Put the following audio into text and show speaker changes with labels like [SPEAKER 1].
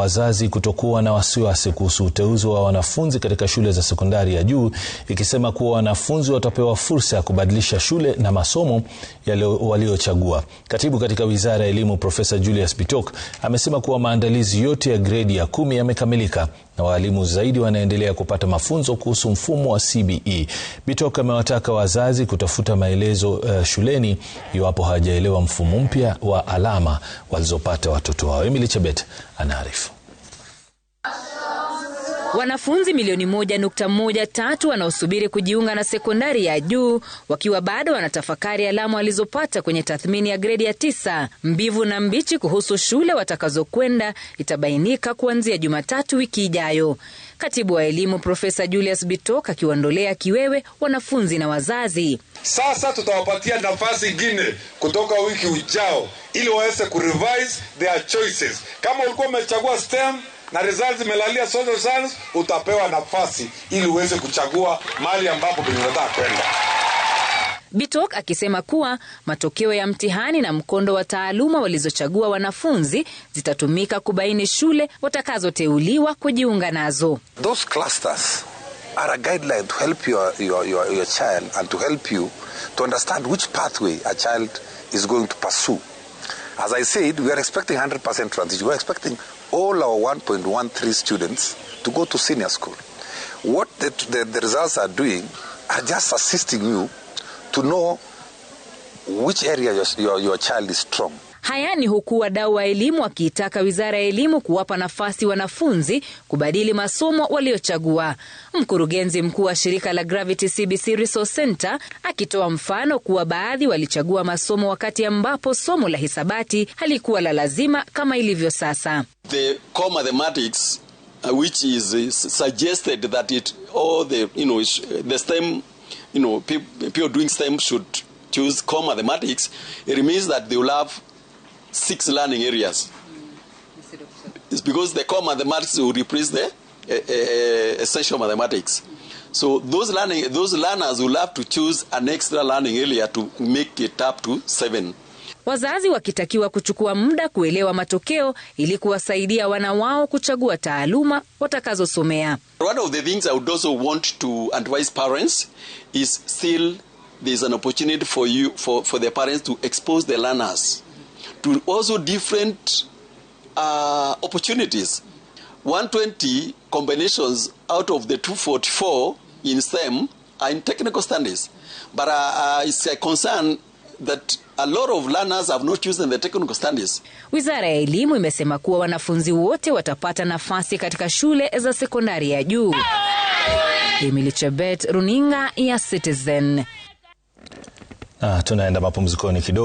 [SPEAKER 1] wazazi kutokuwa na wasiwasi kuhusu uteuzi wa wanafunzi katika shule za sekondari ya juu ikisema kuwa wanafunzi watapewa fursa ya kubadilisha shule na masomo waliochagua. Katibu katika Wizara ya Elimu Profesa Julius Bitok amesema kuwa maandalizi yote ya gredi ya kumi yamekamilika na waalimu zaidi wanaendelea kupata mafunzo kuhusu mfumo wa CBE. Bitoka amewataka wazazi kutafuta maelezo uh, shuleni iwapo hawajaelewa mfumo mpya wa alama walizopata watoto wao. Emily Chebet anaarifu.
[SPEAKER 2] Wanafunzi milioni moja nukta moja tatu wanaosubiri kujiunga na sekondari ya juu wakiwa bado wanatafakari alama walizopata kwenye tathmini ya gredi ya tisa. Mbivu na mbichi kuhusu shule watakazokwenda itabainika kuanzia Jumatatu wiki ijayo. Katibu wa elimu Profesa Julius Bitok akiwaondolea kiwewe wanafunzi na wazazi.
[SPEAKER 3] Sasa tutawapatia nafasi ingine kutoka wiki ujao ili waweze kurevise their choices. Kama ulikuwa umechagua STEM na results zimelalia social science, utapewa nafasi ili uweze kuchagua mali ambapo penye unataka kwenda.
[SPEAKER 2] Bitok akisema kuwa matokeo ya mtihani na mkondo wa taaluma walizochagua wanafunzi zitatumika kubaini shule watakazoteuliwa kujiunga nazo.
[SPEAKER 4] Those clusters are a guideline to help your, your, your, your child and to help you to understand which pathway a child is going to pursue. As I said, we are expecting 100% transition. We are expecting all our 1.13 students to go to senior school. What the, the, the results are doing are just assisting you to know which area your, your, your child is strong.
[SPEAKER 2] Haya ni huku wadau wa elimu wakiitaka wizara ya elimu kuwapa nafasi wanafunzi kubadili masomo waliochagua. Mkurugenzi mkuu wa shirika la Gravity CBC Resource Center akitoa mfano kuwa baadhi walichagua masomo wakati ambapo somo la hisabati halikuwa la lazima kama ilivyo sasa.
[SPEAKER 5] The core mathematics uh, which is uh, suggested that it all the you know the STEM you know people doing STEM should choose core mathematics it means that they will have six learning areas. It's because the core mathematics will replace the uh, uh, essential mathematics. So those learning those learners will have to choose an extra learning area to make it up to seven.
[SPEAKER 2] Wazazi wakitakiwa kuchukua muda kuelewa matokeo ili kuwasaidia wana wao kuchagua taaluma watakazosomea.
[SPEAKER 6] One of the things I would also want to advise parents is still there is an opportunity for you for, for the parents to expose the learners to also different uh, opportunities. 120 combinations out of the 244 in STEM are in technical studies. But uh, uh, it's a concern that a lot of learners have not chosen the technical studies.
[SPEAKER 2] Wizara ya elimu imesema kuwa wanafunzi wote watapata nafasi katika shule za sekondari ya juu. Emily Chebet, runinga ya Citizen. Ah, tunaenda mapumzikoni kidogo.